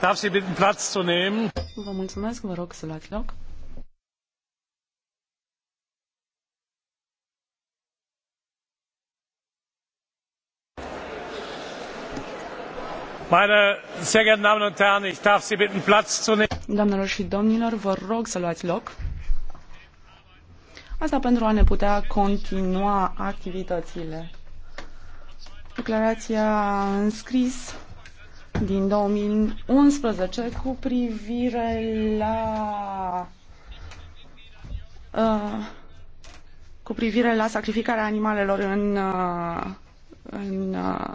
Darf Sie bitten, Platz zu nehmen? Vă mulțumesc, vă rog să luați loc. Meine sehr geehrten Damen und Herren, ich darf Sie bitten, Platz zu nehmen. Doamnelor și domnilor, vă rog să luați loc. Asta pentru a ne putea continua activitățile declarația în scris din 2011 cu privire la uh, cu privire la sacrificarea animalelor în, uh, în uh,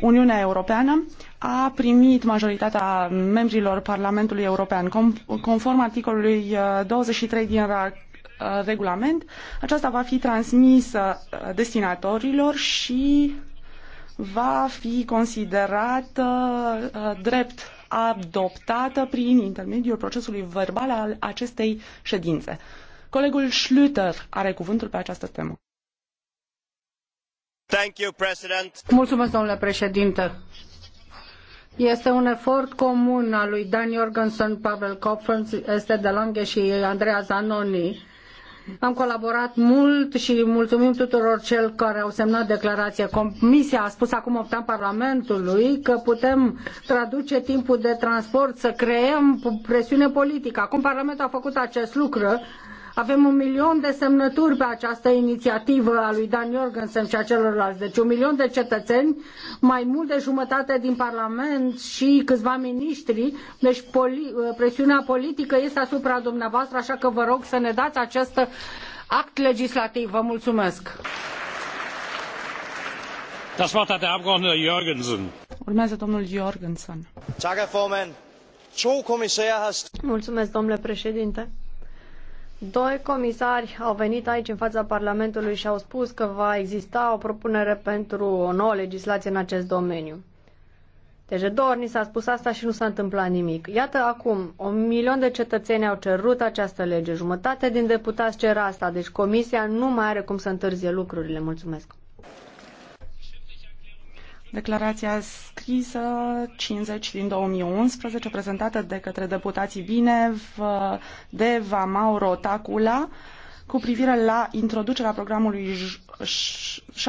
Uniunea Europeană a primit majoritatea membrilor Parlamentului European. Conform articolului 23 uh, din Uh, regulament, aceasta va fi transmisă uh, destinatorilor și va fi considerată uh, drept adoptată prin intermediul procesului verbal al acestei ședințe. Colegul Schlüter are cuvântul pe această temă. You, Mulțumesc, domnule președinte. Este un efort comun al lui Dan Jorgensen, Pavel Kopfens, Este de Lange și Andreea Zanoni am colaborat mult și mulțumim tuturor celor care au semnat declarația. Comisia a spus acum 8 ani Parlamentului că putem traduce timpul de transport, să creăm presiune politică. Acum Parlamentul a făcut acest lucru, avem un milion de semnături pe această inițiativă a lui Dan Jorgensen și a celorlalți. Deci un milion de cetățeni, mai mult de jumătate din Parlament și câțiva miniștri. Deci poli, presiunea politică este asupra dumneavoastră, așa că vă rog să ne dați acest act legislativ. Vă mulțumesc! Das Wort hat der Abgeordnete Jürgensen. Urmează domnul Jorgensen. Mulțumesc, domnule președinte. Doi comisari au venit aici în fața Parlamentului și au spus că va exista o propunere pentru o nouă legislație în acest domeniu. Deci de două ori ni s-a spus asta și nu s-a întâmplat nimic. Iată acum, un milion de cetățeni au cerut această lege, jumătate din deputați cer asta, deci comisia nu mai are cum să întârzie lucrurile. Mulțumesc! Declarația scrisă 50 din 2011, prezentată de către deputații Binev, Deva, Mauro, Tacula, cu privire la introducerea programului